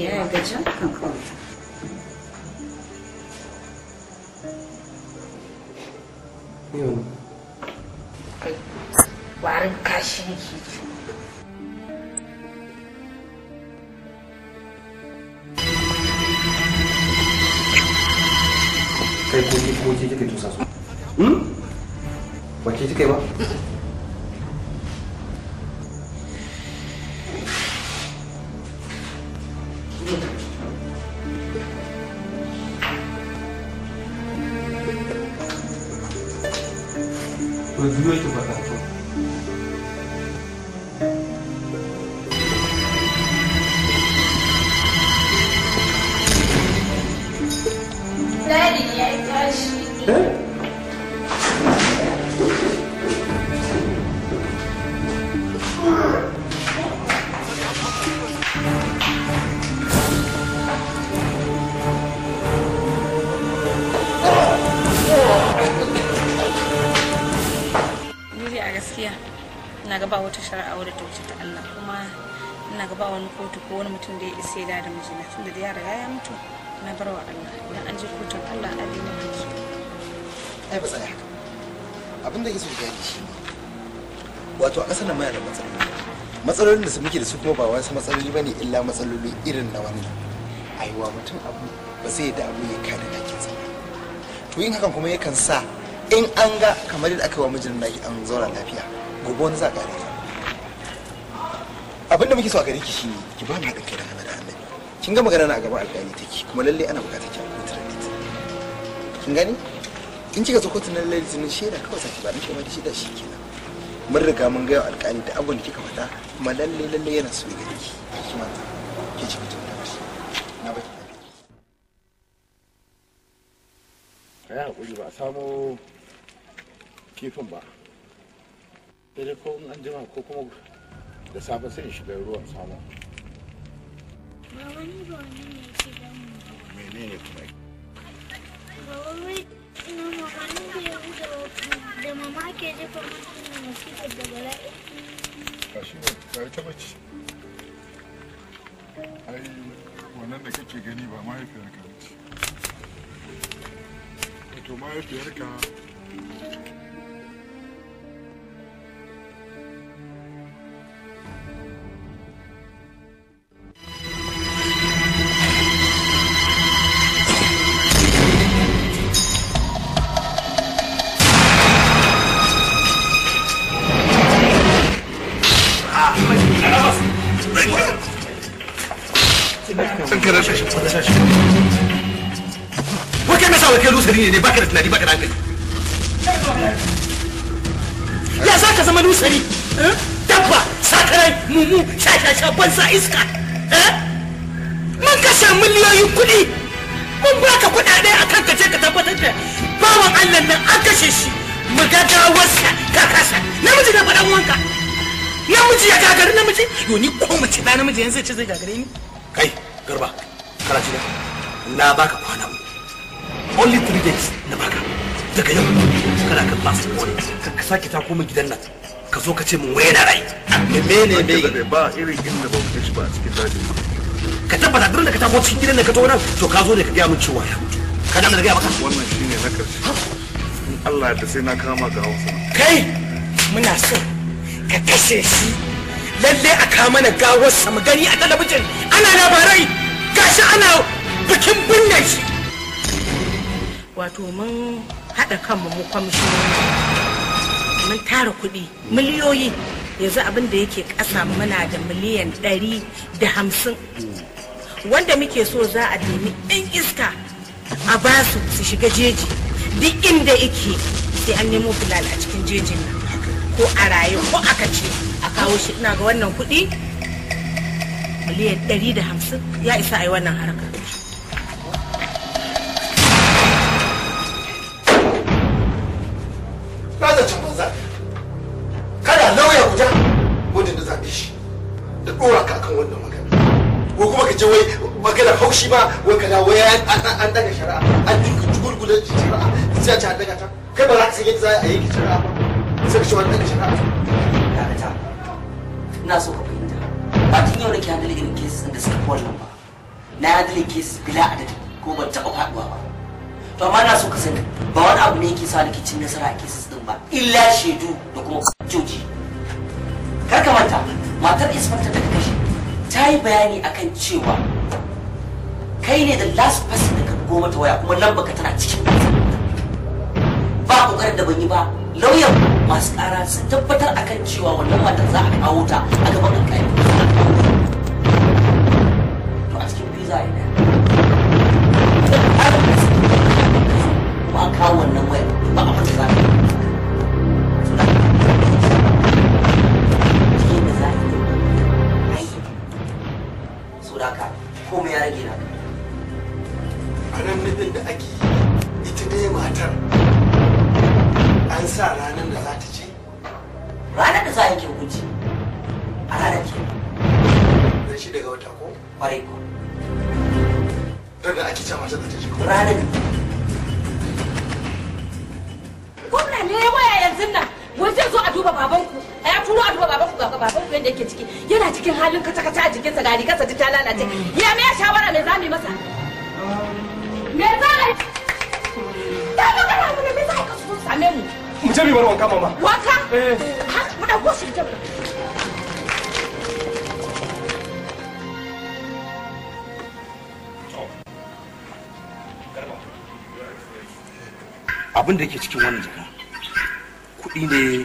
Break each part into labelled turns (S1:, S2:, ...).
S1: ya ga can kai ko ke kika tusa su? Hmm? ke kika これグロいとかだと ba wata shari'a wadda ta wuce ta Allah kuma ina ga ba wani kotu ko wani mutum da ya isa ya da mijina tun da yara ya mutu na bar wa Allah idan an je kotun Allah a dina ba haƙƙi ai ba tsaya abin da yake so gani shi wato a ƙasar nan mai da matsaloli matsalolin da su muke da su kuma ba wasu matsaloli bane illa matsaloli irin na wani aiwa mutum abu ba sai da abu ya kada hakinsa to yin hakan kuma yakan sa in an ga kamar yadda aka yi wa mijin na an zauna lafiya gobe wani za a gane abin da muke so a gare ki shine ki ba mu haɗin kai da hana da hannu kin ga magana na a gaban alƙali take kuma lalle ana buƙatar ki a na lalita kin gani in kika zo kotu na lalita nan shaida kawai saki ba ni shi ma da shaida shi kenan mun riga mun ga alƙali da abin da kika faɗa kuma lalle lalle yana so ya gare ki ki manta ki ci mutum da shi na baki ka yi haƙuri ba samu kifin ba dare ko in an jima ko kuma da safe sai in shiga ruwan samu ba wani ba wani ne ke damu menene kuma ya da mama ke jefa da bala'i ba shi ne ba ita bace ai gani ba mahaifiyarka ba ce to mahaifiyarka addini ne baka da tunani baka da hankali ya za ka zama lusari eh? dabba sakarai mumu shashasha sa iska eh? mun kashe miliyoyin kuɗi mun baka kuɗaɗe a kan kace ka tabbatar da bawan allah nan an kashe shi mu ga gawarsa ka namiji na faɗan wanka namiji ya gagari namiji yo ni ko mace da namiji yanzu ce zai gagare ni kai garba da na baka kwana uku only three days na baka daga yau kana kan last ka sake ta koma gidan nan ka zo ka ce mun waye na rai mene ne ba irin inda ba ku ba cikin daji ka tabbata duk da ka tafi cikin gidan nan ka to nan to ka zo ne ka ga mun cewa ya mutu ka da ga maka wannan shine na karshe in Allah da sai na kama ga Hausa kai muna so ka kashe shi lalle a kama na gawarsa mu gani a talabijin ana labarai gashi ana bikin binne shi wato mun haɗa kanmu mu kwamishinoni mun tara kuɗi miliyoyi yanzu abin da yake ƙasa muna da miliyan ɗari da hamsin wanda muke so za a nemi ɗan iska a ba su su shiga jeji duk inda yake sai an nemo filal a cikin jejin nan ko a raye ko aka ce a kawo shi ina ga wannan kuɗi miliyan ɗari da hamsin ya isa a yi wannan harka ɗora ka akan wannan magana ko kuma ka ce wai haushi ma wai an daga shari'a an gurgudan shari'a sai a ce an daga ta kai ba za ka san yadda za a yi shari'a ba sai ka ce wani daga shari'a ta na so ka fahimta ba tun yau nake handle irin cases da suka fi wannan ba na handle cases bila adadi ko ban taɓa faɗuwa ba to amma na so ka sani ba wani abu ne yake sa nake cin nasara a cases din ba illa shaidu da kuma joji kar ka manta matar inspector da kashe ta yi bayani akan cewa kai ne the last person da ka bugo mata waya kuma lamba ka tana cikin ba kokarin da ban yi ba lauyan masu kara sun tabbatar akan cewa wannan matar za a kawo ta a gaban kai to a cikin kuma an kawo wannan shida ga wata ko? Kwarai ko. Daga ake cewa mata ta shigo. Ranar. Gwamna ne ya waya yanzu nan wai zai zo a duba babanku a ya a duba babanku ga babanku yadda yake ciki yana cikin halin kata-kata a jikinsa ga rigarsa ta lalace ya mai shawara mai zami masa. Me za a yi? Ta mu ne me za a yi kasu same mu. Mu wanka mama. Wanka? Eh. Ha mu ɗauko shi mu abin da yake cikin wannan jaka kuɗi ne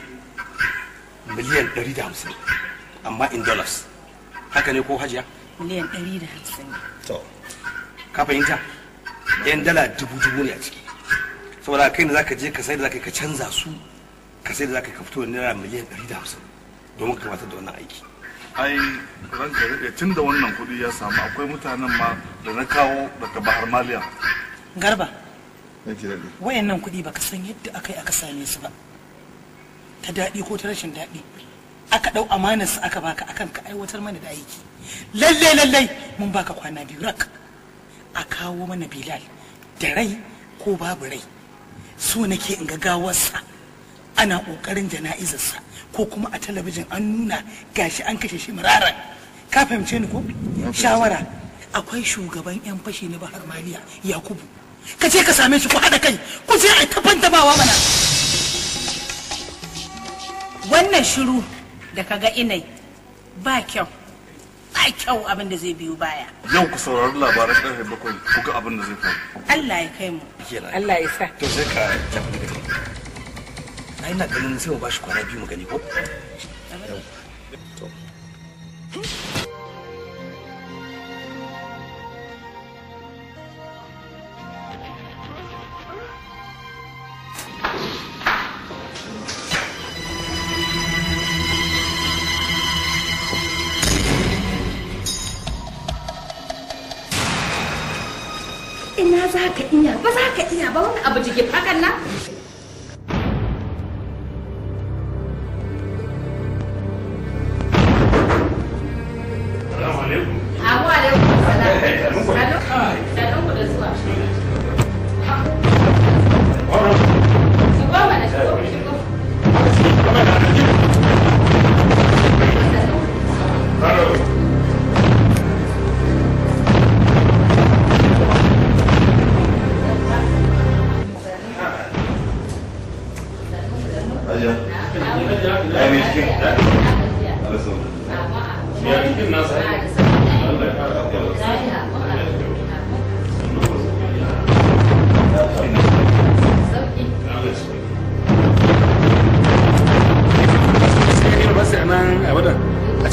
S1: miliyan 150 amma in dollars haka ne ko hajiya miliyan 150 to ka fahimta yan dala dubu dubu ne a ciki saboda kai ne zaka je ka sai da zaka ka canza su ka sai da zaka ka fito naira miliyan 150 domin ka gabatar da wannan aiki ai ranka ya tun da wannan kuɗi ya samu akwai mutanen ma da na kawo daga bahar maliya garba wayannan kuɗi baka san yadda aka yi aka same su ba ta daɗi ko ta rashin daɗi aka ɗau amanar su aka baka akan ka aiwatar mana da aiki lallai lallai mun baka kwana biyu rak a kawo mana bilal da rai ko babu rai so nake in ga gawarsa ana ƙoƙarin jana'izarsa ko kuma a talabijin an nuna gashi an kashe shi murara ka fahimce ni ko shawara akwai shugaban 'yan fashi na bahar maliya yakubu ka ce ka same shi ku haɗa kai ku sai a ta fantamawa mana wannan shiru da ka ga inai ba kyau ba kyau abin da zai biyo baya yau ku saurari labaran ƙarfe bakwai ku ga abin da zai faru Allah ya kai mu Allah ya sa to sai ka tafi da kai ina ganin sai mu bashi kwana biyu mu gani ko to ina za ka iya ba za ka iya ba wani abu jigif hakan nan Salamu alaikum. Salamu alaikum. Eh, eh,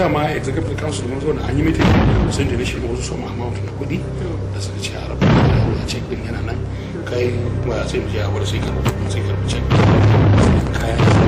S1: dama executive council mun zo na an yi meeting sun da shi wasu soma amount wata kudi da suka ce yawon a cikin yana nan kai ma sai mu je a wani sai karɓi check kayan